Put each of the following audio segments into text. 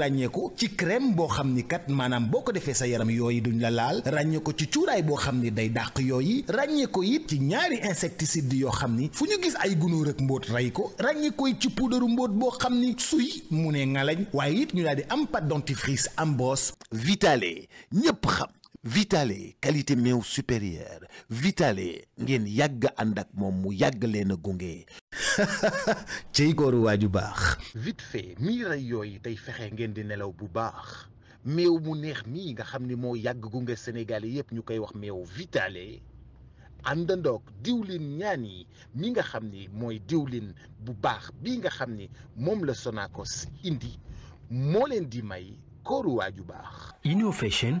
ràññeeku ci crème boo xam ni kat maanaam boo ko defee sa yaram yooyu duñu la laal ràññee ko ci cuuraay boo xam ni day dàq yooyu ràññee ko it ci ñaari insecticide yoo xam ni fu ñu gis ay gunóor ak mbóot rey ko ràññee ko it ci puudaru mbóot boo xam ni suy mu ne ngalañ waaye it ñu daal di am pat dentifrice am boos vitale ñëpp xam Vitale qualité meew supérieure Vitale ngeen yàgg ànd ak moom mu yàgg leen a gunge. cey waa ju baax. vite fait mii rey yooyu day fexe ngeen di nelaw bu baax meew mu neex mii nga xam ni moo yàgg gunge Sénégalais yépp ñu koy wax meew Vitale àndandoog diwlin ñaan yi mi nga xam ni mooy diwlin bu baax bii nga xam ni moom la sonakos indi moo leen di may. kóoru waaju baax. Inno Fashion.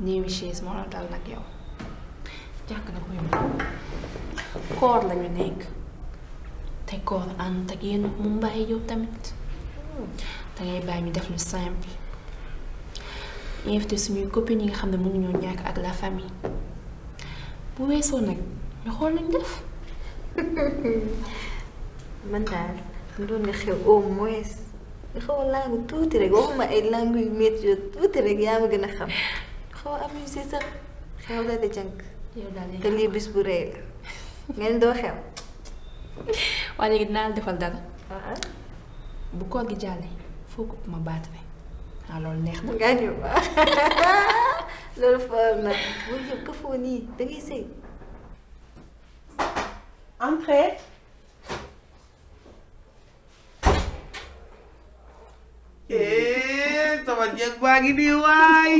néewi chaise moo la dal nag yow jàkk nag muy koor lañu nekk te koor ànd ak yéen mu mbàyyi yow tamit dangay bàyyi ñu def lu simple invité suñuy copines yi nga xam ne mënuñoo ñàkk ak la famille bu weesoo nag ñu xool luñ def man daal doon nga xew au moins nga xaw a langue tuuti rek waxuma ay langue yu métti tuuti rek yaa ma gën a xam xaw a amusé sax xew la de jënk. yow daal bis bu rëy la ngeen doo xew. waa léegi dinaa la defal dara. bu koor gi jàllee foo ko ma baat bi ah loolu neex na. nga ñu ba loolu foofu nag mooy yow ka foo nii da sëy. entrez. sama jéeg baa ngi nii waay.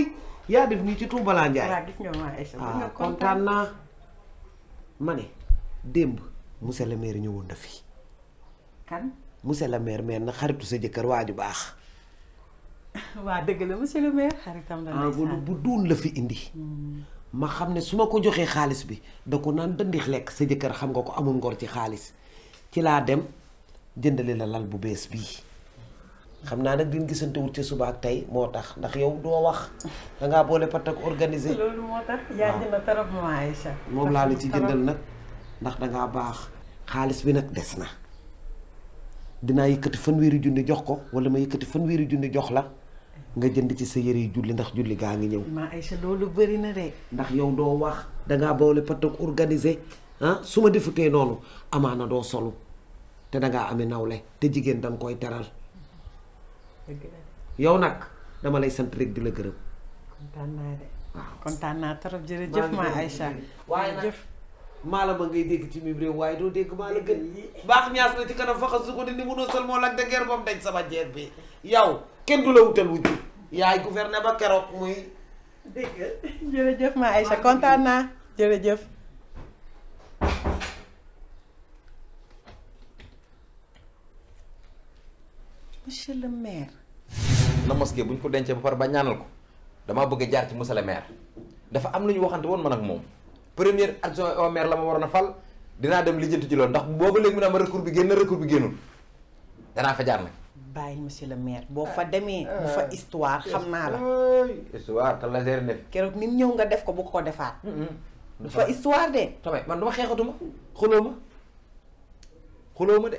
yaa def nii ci Toumbala Ndiaye. waaw gis nga waaye ah, kontaan naa ma démb monsieur le maire ñëwoon na fi. kan monsieur le maire maire na xaritu sa jëkkër ju baax. waa dëgg la monsieur le maire xaritam la ah, bu duun la fi indi. Hmm. ma xam ne su ma ko joxee xaalis bi da ko naan dëndix lekk sa jëkkër xam nga ko amul ngor ci xaalis ci laa dem jëndali la lal bu bees bii. xam naa nag din gisante wut ci suba ak tey moo tax ndax yow doo wax da ngaa boole part ak organisé. loolu moo moom laa la ci jëndal nag ndax dangaa baax xaalis bi nag des na dinaa yëkkati fanweeri junni jox ko wala ma yëkkati fanweeri junni jox la nga jënd ci sa yëre yi julli ndax julli gaa ngi ñëw. ay Aïcha loolu bari na de. ndax yow doo wax dangaa boole part ak organisé ah, su ma defutee noonu amaa na doo solu te dangaa amee nawle te jigéen danga koy teral. yow nag dama lay sant rek di la gërëm. kontaan naa de. waaw kontaan naa trop jërëjëf ma Aïcha. waaye nag maala ma ngay dégg ci mim réew waaye doo dégg maa la gën. baax ñaas na ci kanam fa xas su ko di ni munoo sël moo lag de guerre bam dañ sama jeer bi yow kenn du la wutal wujj yaay gouverneur ba keroog muy. dégg jërëjëf ma Aïcha kontaan naa jërëjëf. monsieur le maire. na mosquée bu ñu ko dencee ba pare ba ñaanal ko damaa bëgg a jaar ci monsieur le maire dafa am lu ñu waxante woon man ak moom premier adjoint au maire la ma waroon a fal dinaa dem lijjanti ci loolu ndax booba léegi mu ne ma recours bi génn recours bi génnul danaa fa jaar nag. bàyyil monsieur le maire boo fa ah. demee. bu fa ah. histoire xam naa la. histoire te la seer def. keroog ni ñëw nga def ko bu ko defaat. bu fa histoire de. tamit man duma xeexatuma xuloo ma xuloo ma de.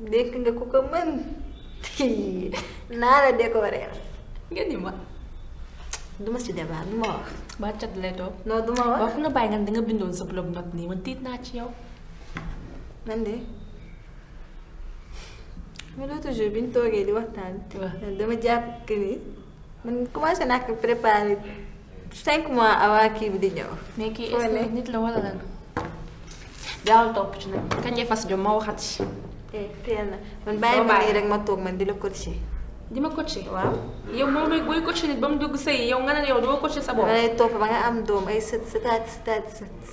Дека ku kukamanti. Nada dia Korea, Gani ma? Duma si deba, duma. Baca dulu itu No duma wa. Aku na bayangin dengan bindon sebelum not ni. Mentit na ciao. Nande. Melo tu je bintu lagi di waktan. Nande ma jap kini. Men kumasa nak prepare. Sen kuma awaki bidinyo. Neki esku nit lawala dan. Dal top punya, Kan je fas jom mau hati. teel na man bàyyi ma nii rek ma toog man di la coacher. di ma coacher. waaw yow moom mooy booy coacher nit ba mu dugg sëy yow nga ne yow doo coacher sa bopp. ma nga am doom ay sët sëtaat sëtaat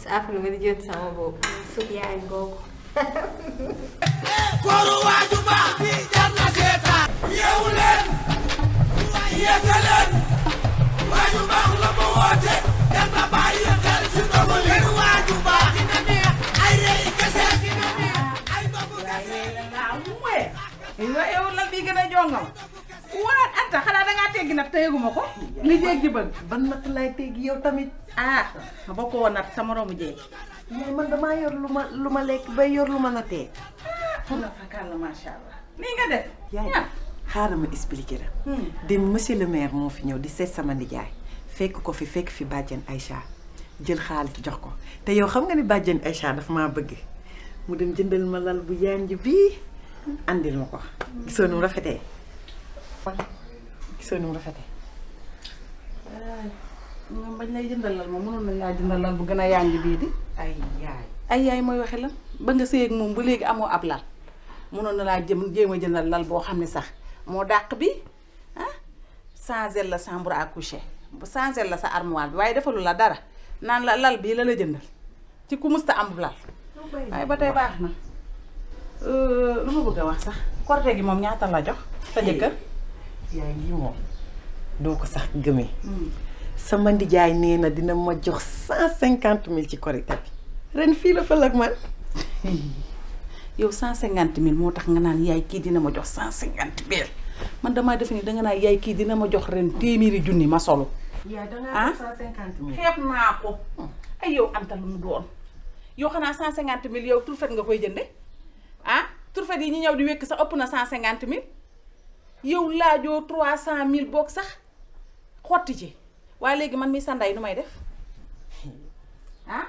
sa affaire nga di jënd sama bopp. suuf yaay ngoo ko. kóoru waaju baax bi jar na seetaan. yeewu leen yi gën a jongaw waat Anta xanaa dangaa teggi nag téyeguma ko li jéeg bëgg ban natt lay teggi yow tamit ah boo ko woon nat sa moroomu jéeg mais man damaa yor lu ma lu ma lekk bay yor lu ma nattee ah, la fakal la allah nii nga def yaay xaaral ma expliquer la hmm. dem monsieur le maire moo fi ñëw di seet sama nijaay fekk ko fi fekk fi bàjjen Aïcha jël xaalis jox ko te yow xam nga ni bàjjen Aïcha dafa maa bëgg mu dem jëndal ma lal bu yànj bii àndil ma ko gisoo nu rafetee gisoo nu rafetee ñoom bañ lay jëndal jëndalal moom mënoon nañ laa jëndal jëndalal bu gën a yànj bii di ay yaay ay yaay mooy waxe la ba nga sëy ak moom ba léegi amoo ab lal mënoon na laa jëm jéem a jëndal lal boo xam ne sax moo dàq bi ah changel la chambre à coucher changel la sa armoire bi waaye defalu la dara naan la lal bii la la jëndal ci ku musta am lal waaye ba tey baax na Eh, lu mau bëgg a wax sax korte gi lah ñaata saja ke sa jëkkër yaay lii moom doo ko sax gëmee sama ndijaay nee na dina ma hmm. jox cent cinquante mille ci korite bi ren fii la fël ak man yow cent cinquante mille moo tax nga naan yaay kii dina ma jox cent cinquante mille man damaa defe ni danga naan yaay kii dina ma jox ren téeméeri junni ma solo ah xeeb naa ko ay yow antal mu doon yow xanaa cent cinquante mille yow tout fait nga koy jende turfet yi ñu ñëw di wékk sax ëpp na cent cinquante mille yow laajoo trois cent mille boog sax xotti ci waaye léegi man mi sanday nu may def ah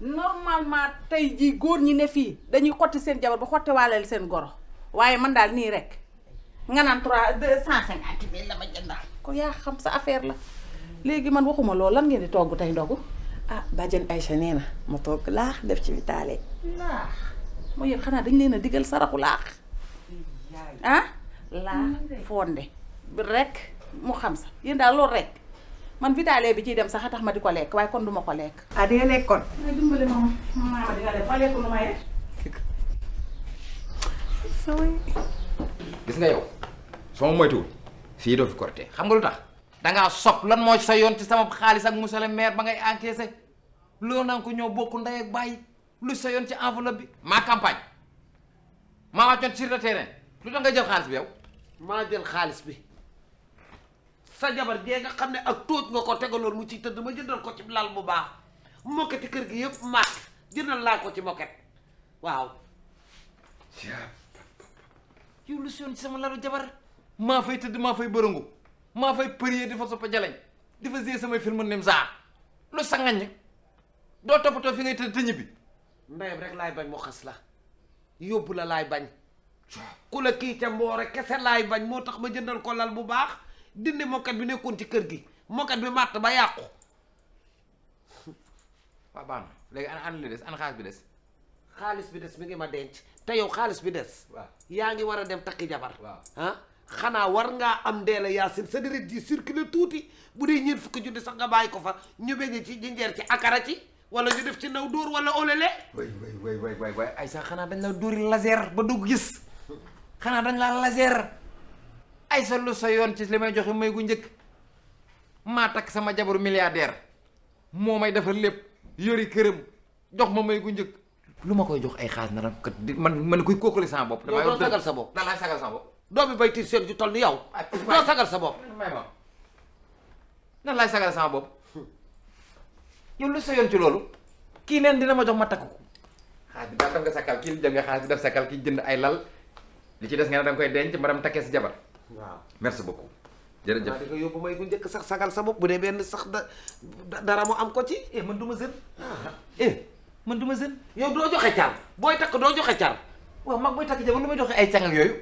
normalement tey jii góor ñi ne fii dañuy xotti seen jabar ba xotti waaleel seen goro waaye man daal nii rek nga naan trois deux cent cinquante mille la ma ko yaa xam sa affaire la léegi man waxuma loolu lan ngeen di togg tey ndogu ah bàjjen Aïcha nee na ma togg laax def ci vitaale laax mooy yéen xanaa dañ leen a digal saraxu laax ah laax fonde rek mu xam sa yéen daal loolu rek man vitale bi ciy dem sax a tax ma di ko lekk waaye kon du ma ko lekk ah di nga lekk kon nga ma nga yow soo moytuwul fii doo fi korte xam nga lu tax dangaa sob lan mooy sa yoon ci sama xaalis ak monsieur le maire ba ngay encaissé loolu naa ko ñoo bokk ndey ak bàyyi lu sa yoon ci enveloppe bi maa campagne maa si sur le terrain lu tax nga jël xaalis bi yow maa jël xaalis bi sa jabar jee nga xam ne ak tóoj nga ko tegaloon mu ci tëdd ma jëndal ko ci lal bu baax mokketi kër gi yëpp maak jëndal laa ko ci mokket waaw yow lu si ci sama laru jabar maa fay tëdd maa fay bërëngu ma fay përie dafa soppa jaleñ dafa géer samay film nem saa lu sa ngañ doo toppatoo fi ngay tëdd tëñi bi ndeyam rek lay bañ mo xass la yobbu la lay bañ ku la ki ca mboore kese lay bañ mo tax ma jëndal ko lal bu baax dindi mokkat bi nekkun ci kër gi mokkat bi mat ba yàqu waa ban na an an li dess an xaalis bi dess xaaliss bi dess mi ngi ma denc te yow xaaliss bi dess waaw yaa wara dem takki jabar waaw ah xanaa war nga am yasin sa dirit di circuler touti budi ñeen fukk jundi sax nga bàyyi ko fa ñu bëgg ci ci akara ci wala ñu def ci ndaw dóor wala olele. way way xanaa dañ la dóori laser ba dugg gis xanaa dañ la laser Aïssa lu sa yoon ci li may joxe may gu njëkk maa takk sama jabaru milliardaire moo may defar lépp yori këram jox ma may gu njëkk lu ma koy jox ay xaalis na kat man man kuy kookale sama bopp. damay doon sagal sa bopp da laa sagal sa bopp. doo bi bay tiit seen ju toll ni yow. doo sa laay sagal sama bopp. yow lu sa ci loolu ki neen dina ma jox ma takku ko xaalis bi def nga sakal ki jël nga xaalis bi def sakal ki jënd ay lal li ci des nga dang koy denc maram takke ci jabar waaw merci beaucoup jërëjëf di ko yóbbu may bu njëkk sax sakal sa bop bu dee ben sax da dara mo am ko ci eh man duma ma ah. eh man duma ma yow do joxe car boy tak do joxe car waaw mag boy tak jabar lu may joxe ay cangal yoyu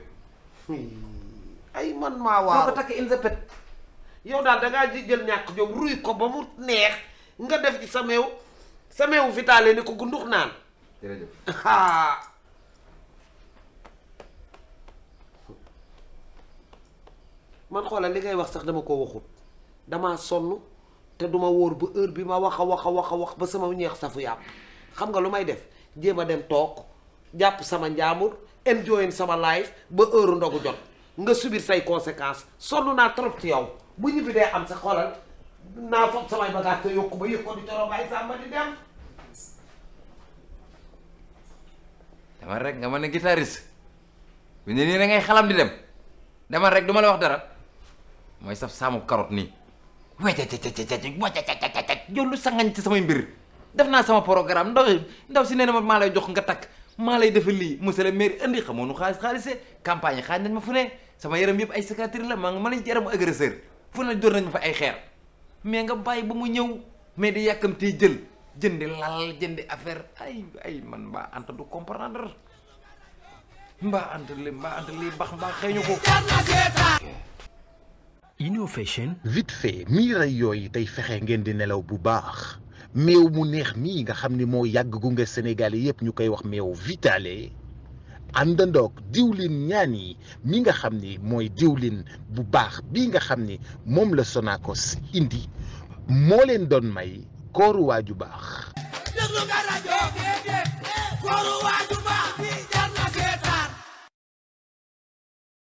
ay man ma waaw doo ko takk in sa pet yow dal da nga jël ñak jom ruy ko ba mu neex nga def ci samewu samew vitale ni ko gunduk nan man xolal li ngay wax sax dama ko waxut dama sonu te duma wor bu heure bi ma waxa waxa waxa wax ba sama ñeex safu yàpp xam nga lumay def jema dem tok japp sama njaamur enjoyin sama life ba heure ndogu jot nga subir say conséquences sonu na trop ci yow bu ñibi day am sa xolal naa sama samay bagage te yokku ba yëg di coro bàyyi sàmba di dem dama rek nga mën a guitariste bu ne nii da ngay xalam di dem dama rek du ma la wax dara mooy saf saamu carotte nii wecccc wacccc jollu sangañ ci samay mbir def sama programme ndaw ndaw si nee na ma maa lay jox nga takk maa lay defal lii monsieur le maire indi xamoonu xaalis xaalise campagne xaaj nañ ma sama yaram yëpp ay cicatrices la maa ngi ma agresif. Fune yaramu agresseur fu ne nañ fa ay mais nga bàyyi ba mu ñëw mais di yàkkamtee jël jëndi lal jëndi affaire ay ay man mbaa ant du comprendre mbaa ant li mbaa ant li bax mbaa xeeñu ko Innovation. vite fait mii rey yooyu tey fexe ngeen di nelaw bu baax meew mu neex mii nga xam ni moo yàgg gunge Sénégalais yépp ñu koy wax meew vitale àndandoog diwlin ñaan yi mi nga xam ni mooy diwlin bu baax bi nga xam ni moom la sonaakos indi moo leen doon may kooru waaju baax